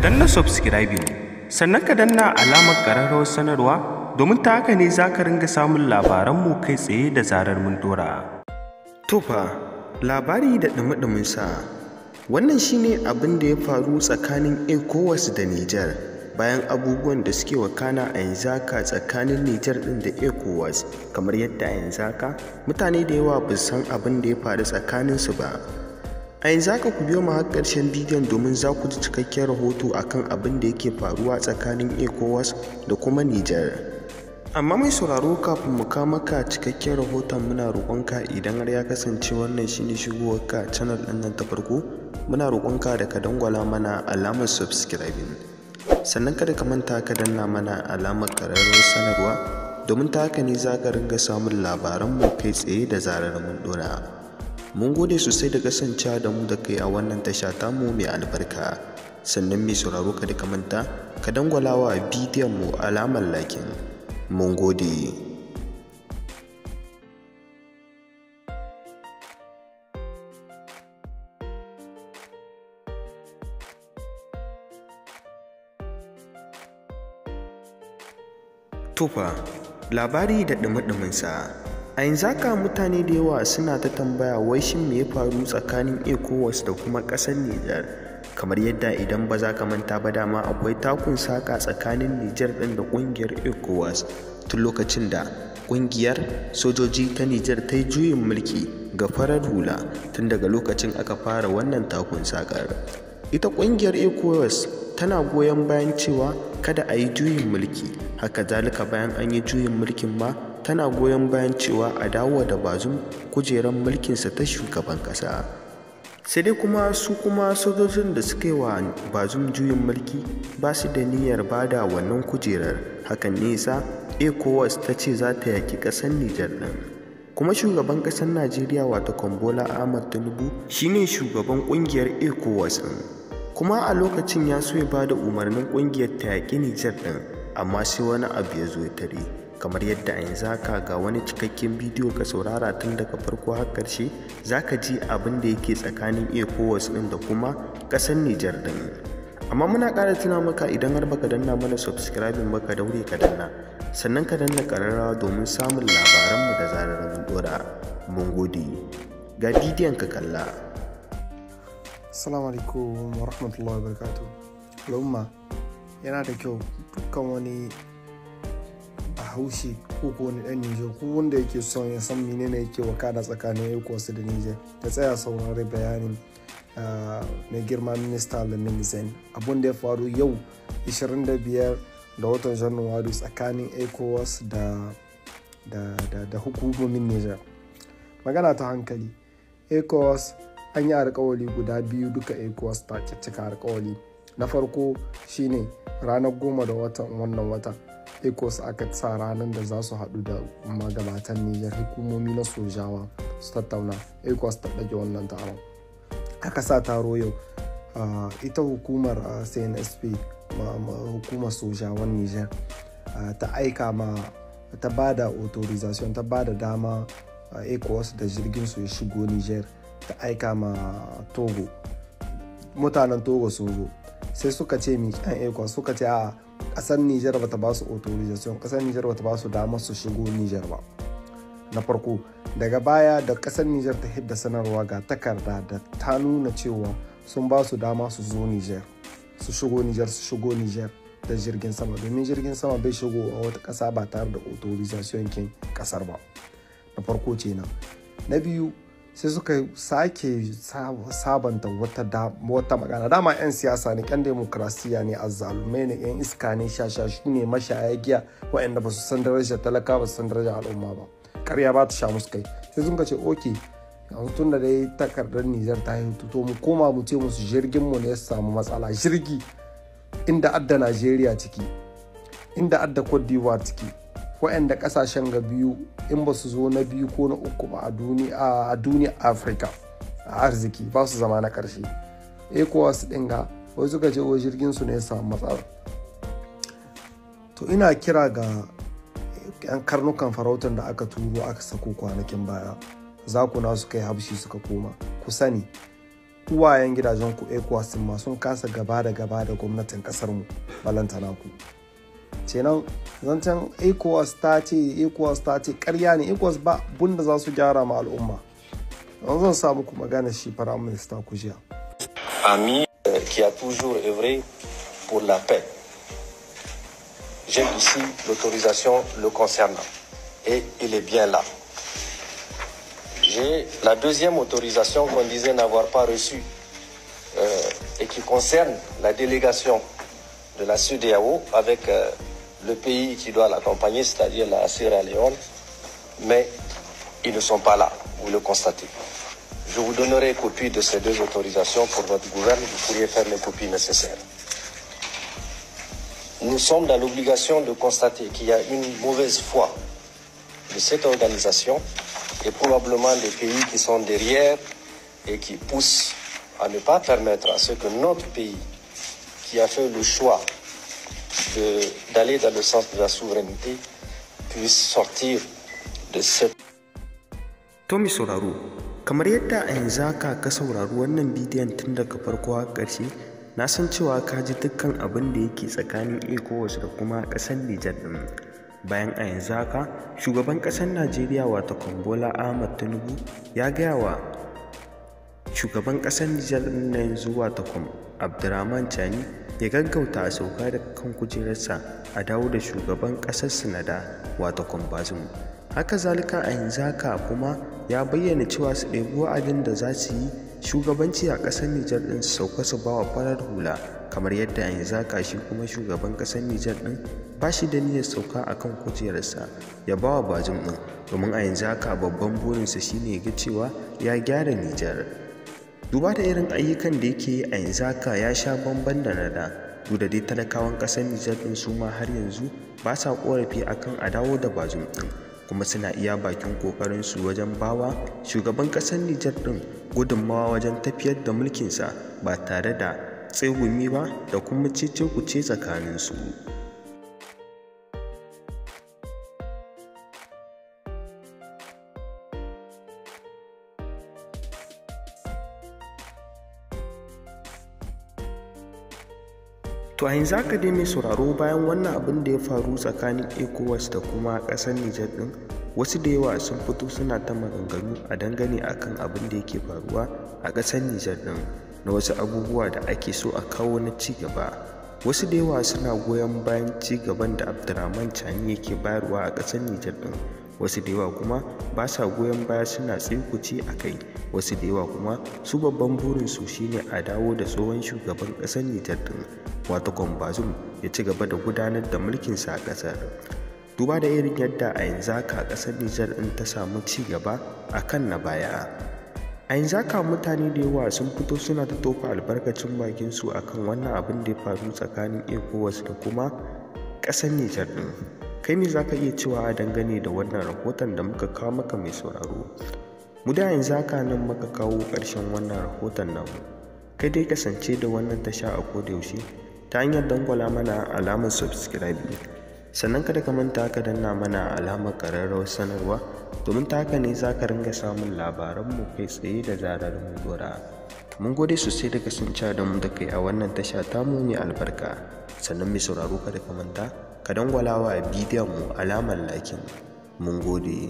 ka danna subscribing sannan ka danna alamar ƙararrawar sanarwa domin ta haka ne za ka ringa samun labaranmu kai tsaye da zarar mun dora. Tufa labari da ɗumi sa wannan shine abin da ya faru tsakanin ECOWAS da Nijar bayan abubuwan da suke wakana a yanzu haka tsakanin Nijar ɗin da ECOWAS kamar yadda a yanzu haka mutane da yawa ba san abin da ya faru tsakaninsu ba a yanzu haka ku biyo ma har bidiyon domin za ku ji cikakken rahoto akan abin da yake faruwa tsakanin ecowas da kuma nijar amma mai sauraro kafin mu kama maka cikakken rahoton muna roƙonka idan har ya kasance wannan shine ka canal ɗin nan ta farko muna roƙonka da ka dangwala mana alamar subscribing sannan kada ka manta ka danna mana alamar ƙararrawar sanarwa domin ta haka ne za ka ringa samun labaran mu kai tsaye da zarar mun ɗora mun gode sosai da kasancewa da mu da kai a wannan tasha tamu mai albarka sannan mai sauraro ka da manta ka dangwala wa bidiyon mu alamar lakin mun gode tufa labari da ɗumi-ɗuminsa a yanzu haka mutane da yawa suna ta tambaya wai shin me ya faru tsakanin ecowas da kuma ƙasar nijar kamar yadda idan ba za ka manta ba dama akwai takun saka tsakanin nijar ɗin da ƙungiyar ecowas tun lokacin da ƙungiyar sojoji ta nijar ta yi juyin mulki ga farar hula tun daga lokacin aka fara wannan takun sakar ita ƙungiyar ecowas tana goyon bayan cewa kada a yi juyin mulki haka zalika bayan an yi juyin mulkin ma tana goyon bayan cewa a dawo da bazum kujerar mulkinsa ta shugaban ƙasa sai dai kuma su kuma sojojin da suka yi wa bazum juyin mulki ba su da niyyar bada wannan kujerar hakan nesa ecowas ta ce za ta yaki ƙasar nijar ɗin kuma shugaban ƙasar najeriya wato kwambola ahmad tinubu shine shugaban ƙungiyar ecowas ɗin kuma a lokacin ya so ya ba da umarnin ƙungiyar ta yaƙi nijar ɗin amma sai wani abu ya zo ya tare kamar yadda a yanzu haka ga wani cikakken bidiyo ka saurara tun daga farko har ƙarshe za ka ji abin da yake tsakanin ecowas ɗin da kuma ƙasar nijar ɗin amma muna ƙara tuna maka idan har baka danna mana ba ka daure ka danna sannan ka danna ƙararrawa domin samun labaranmu da zarar mun dora mun gode ga bidiyon ka kalla assalamu alaikum wa rahmatullahi wa barakatuh yana da kyau dukkan wani bahaushe ko ko wani dan nijar ko wanda yake son ya san menene yake wakana tsakanin ecowas da nijar ta tsaya saurari bayanin ah, mai girma minista lamin zain abun da ya faru yau 25 da watan januwari tsakanin ecowas da da, da, hukumomin nijar magana ta hankali ecowas an yi alkawali guda biyu duka ecowas ta cika alkawali na farko shine ranar goma da watan wannan watan ecos aka sa ranar da za su haɗu da magabatan niger hukumomi na sojawa su tattauna ecos ta ɗage wannan taron aka sa taro yau ita hukumar cnsp hukumar sojawan niger ta aika ma ta ba da authorization ta ba da dama ecos da jirgin su ya shigo niger ta aika ma togo mutanen togo sun zo sai suka ce miƙan ekon eh, eh, suka ce a ƙasar nijar bata ba su authorization ƙasar nijar bata ba su damar su shigo nijar ba na farko daga baya da ƙasar nijar ta hidda sanarwa ga takarda da ta nuna cewa sun ba su dama su zo nijar su shigo nijar su shigo nijar da jirgin sama domin jirgin sama bai shigo a wata ƙasa ba tare da authorization kin ƙasar ba na farko ce na biyu sai suka sake sabanta wata magana dama 'yan siyasa ne 'yan demokrasiya ne a azzalumai ne 'yan iska ne shashashu ne mashaya giya waɗanda ba su san darajar talaka ba su san darajar al'umma ba karya ba ta sha musu kai sai sun ce oke yanzu tun da dai takardar nijar ta yi to mu koma mu ce musu jirgin mu ne ya samu matsala jirgi inda adda najeriya ciki inda adda cote ciki waɗanda ƙasashen ga biyu in ba su zo na biyu ko na uku ba a duniya afirka a arziki ba su zama na ƙarshe ecowas ɗin ga wai suka je wa jirgin su ne ya samu matsala to ina kira ga 'yan karnukan farautar da aka turo aka sako kwanakin baya za ku nasu kai habshi suka koma ku sani uwayen gidajen ku ecowas sun ma sun kasa gaba da gaba da gwamnatin kasar mu balantana ku ami euh, qui a toujours œuvré pour la paix j'ai ici l'autorisation le concernant et il est bien là j'ai la deuxième autorisation qu'on disait n'avoir pas reçue euh, et qui concerne la délégation de la CEDEAO avec euh, le pays qui doit l'accompagner, c'est-à-dire la Sierra Leone, mais ils ne sont pas là, vous le constatez. Je vous donnerai copie de ces deux autorisations pour votre gouvernement, vous pourriez faire les copies nécessaires. Nous sommes dans l'obligation de constater qu'il y a une mauvaise foi de cette organisation et probablement des pays qui sont derrière et qui poussent à ne pas permettre à ce que notre pays, qui a fait le choix d'aller dans le sens de la souveraineté puisse sortir de cette. Tommy Sauraro, kamar yadda a yanzu haka ka saurari wannan bidiyon tun daga farko har ƙarshe na san cewa ka ji dukkan abin da yake tsakanin ecowas da kuma ƙasar nijar ɗin bayan a yanzu haka shugaban ƙasar najeriya wato kwambola ahmad tinubu ya gaya wa shugaban ƙasar nijar na yanzu wato kwam abdurrahman chani ya gaggauta a sauka da kan kujerarsa a dawo da shugaban ƙasar sinada wato kwambazin haka zalika a yanzaka kuma ya bayyana cewa su ɗebi wa'adin da za su yi shugabanci a ƙasar nijar ɗin su sauka su ba wa farar hula kamar yadda a yanzaka shi kuma shugaban ƙasar nijar ɗin ba shi da niyyar sauka a kan kujerarsa ya ba wa bajin ɗin domin a yanzu haka babban burinsa shine ya ga cewa ya gyara nijar duba da irin ayyukan da yake a yanzu haka ya sha bamban da na da duk da dai talakawan ƙasar nijar ɗin su ma har yanzu ba sa ƙorafi akan a dawo da bazum ɗin kuma suna iya bakin ƙoƙarin su wajen bawa shugaban ƙasar nijar ɗin gudunmawa wajen tafiyar da mulkinsa ba tare da tsegumi ba da kuma cece tsakanin su. to a yanzu aka dai mai sauraro bayan wannan abin da ya faru tsakanin ecowas da kuma ƙasar nijar ɗin wasu da yawa sun fito suna ta maganganu a dangane akan abin da yake faruwa a ƙasar nijar ɗin na wasu abubuwa da ake so a kawo na ci gaba wasu da yawa suna goyon bayan cigaban gaban da abdulrahman chani yake bayarwa a ƙasar nijar ɗin wasu da yawa kuma ba sa goyon baya suna tsirkuci a kai wasu da yawa kuma su babban su shine a dawo da tsohon shugaban ƙasar nijar din wato kwambazum ya ci gaba da gudanar da mulkinsa a ƙasar duba da irin yadda a yanzu haka ƙasar nijar din ta samu ci gaba a kan na baya a yanzu haka mutane da yawa sun fito suna ta tofa albarkacin bakinsu akan wannan abin da ya faru tsakanin ecowas da kuma ƙasar nijar din kai me za ka iya cewa a dangane da wannan rahoton da muka kawo maka mai sauraro mu da yanzu haka nan muka kawo ƙarshen wannan rahoton nan. kai dai kasance da wannan tasha a kodayaushe ta hanyar dangwala mana alamar subscribe sannan kada ka manta ka danna mana alamar ƙararrawar sanarwa domin ta haka ne za ka ringa samun labaranmu kai tsaye da zarar mu dora mun gode sosai da sunca da mu da kai a wannan tasha ta mai albarka sannan mai sauraro kada ka manta ka dangwala wa bidiyon mu alamar lakin mun gode